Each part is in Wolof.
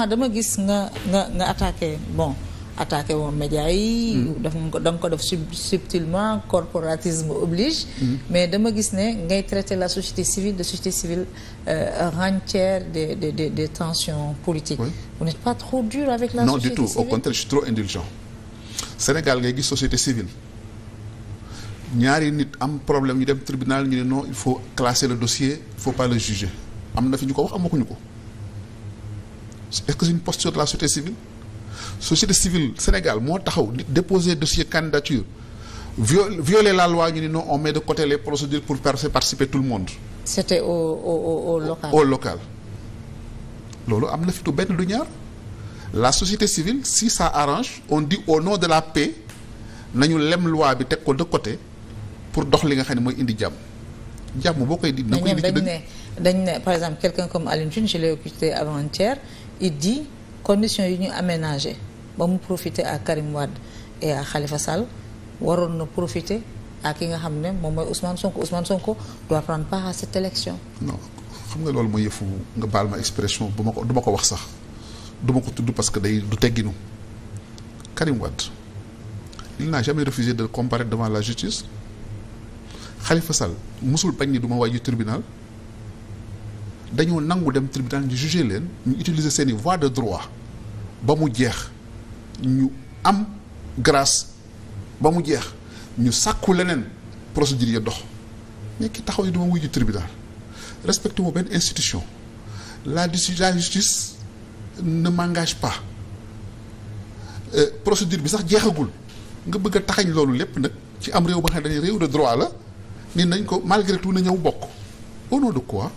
Ah, dama gis nga nga nga attaqué bon attaqué woon média yi. Hmm. daf ko da nga ko def subtilement corporatisme oblige. Hmm. mais dama gis ne ngay traiter la société civile de société civile euh, rentière des des des des tensions politiques. vous n'êtes pas trop dur avec la. société civile non du tout au indulgent. Sénégal ngay gis société civile. ñaari nit am problème ñu dem tribunal ñu ne non il faut classer le dossier il faut pas le am na fi ñu ko wax amaguñu ko. est-ce que su une posture de la société civile société civile Sénégal moo taxaw nit déposer dossier candidature viol violer la loi ñu ni non on mais de côté les procédures pour faire participer tout le monde. c'était au local. loolu am na fitou benn du ñaar la société civile si ça arrange on dit au nom de la paix nañu lem loi bi teg ko de côté pour dox li nga xam ne mooy indi jàmm jàmm boo koy. di na ko indi dañ ne ne par exemple quelqu'un comme Alioune it dit conditions yi ñu aménagé ba mu profiter ak Karim Wade et à Khalifa Sall waroon na profiter ak ki nga xam ne moom mooy Ousmane Sonko Ousmane Sonko doit prendre part à cette élection. xam nga loolu mooy yëfu nga baal ma expression ma ko du ma ko wax sax du ma ko tudd parce que day du tegginu Karim Wade il n'a jamais refusé de comparaître devant la justice xalifa Sall mosul bañ ni du ma waaju tribunal. dañoo nangu dem tribunal ñu juger leen ñu utiliser seeni i voie de droit ba mu jeex ñu am grâce ba mu jeex ñu sàkku leneen procédure ya dox mais ki taxaw ni dama wuy ji tribunal respecté moo benn institution la la justice ne m'engage pas euh, procédure bi sax jeexagul nga bëgg a taxañ loolu lépp nag ci am réew ba xam ne dañuy réew de droit la ni nañ ko malgré tout na ñëw bokk au de quoi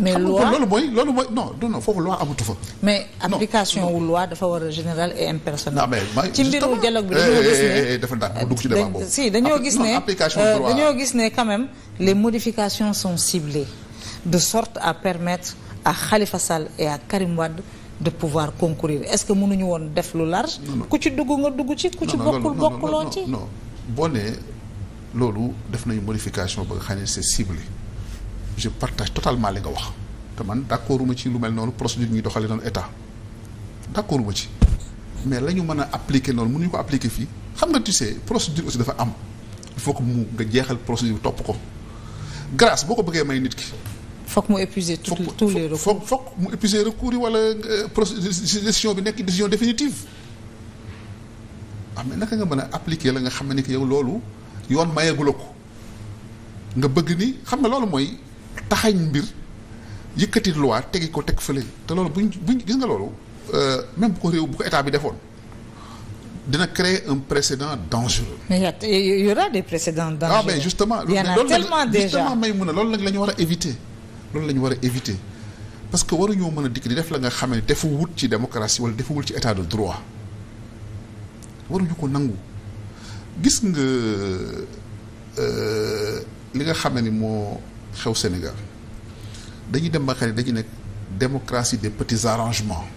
mais loi loolu mooy loolu mooy non non foofu loi amatu fa. mais application wu loi dafa war a général et impersonnel. ci mbiru dialogue bi eh, dañoo eh, gis ne eh, dafa daan mu dugg ci dañoo gis ne euh, dañoo gis ne quand les modifications son ciblées de sorte à permettre à xalifa Sall et à Karim Wade de pouvoir concourir est-ce que mënuñu woon def lu large. ku ci dugg nga dugg ci. ku ci bokkul bokkuloo ci. boo nee loolu def nañu modification ba nga xam ne c'est ciblé. je partage totalement li nga wax te man d'accorduma ci lu mel noonu procédure ñuy doxale noonu état d'accorduma ci mais la ñu mën a appliquer noonu mënuñu ko appliquer fii xam nga tu sais procédure aussi dafa am il faut mu nga jeexal procédure topp ko grâce boo ko bëggee may nit ki. foog mu épuiser tous tous foog foog mu épuiser recours yi wala euh, procédure décision bi nekk décision définitive ah na naka nga mën a appliquer la nga xam ne ni yow loolu yoon mayeegula ko nga bëgg ni xam nga loolu mooy. taxañ mbir yëkkati loi tegi ko teg fële te loolu buñ buñ gis nga loolu euh, même bu ko réew bu ko état bi defoon dina créer un précédent dangereux. mais il y aura des précédents ah, dangereux. ah mais justement. il y en a tellement déjà justement may mun a loolu nag la ñu war a éviter loolu la war a éviter parce que waruñoo mën a dikk di def la nga xam ne defu wut ci démocratie wala defu wut ci état de droit waruñu ko nangu gis nga euh, li nga xam ne ni moo. xew Sénégal dañuy dem ba xel dañu nekk démocratie des petits arrangements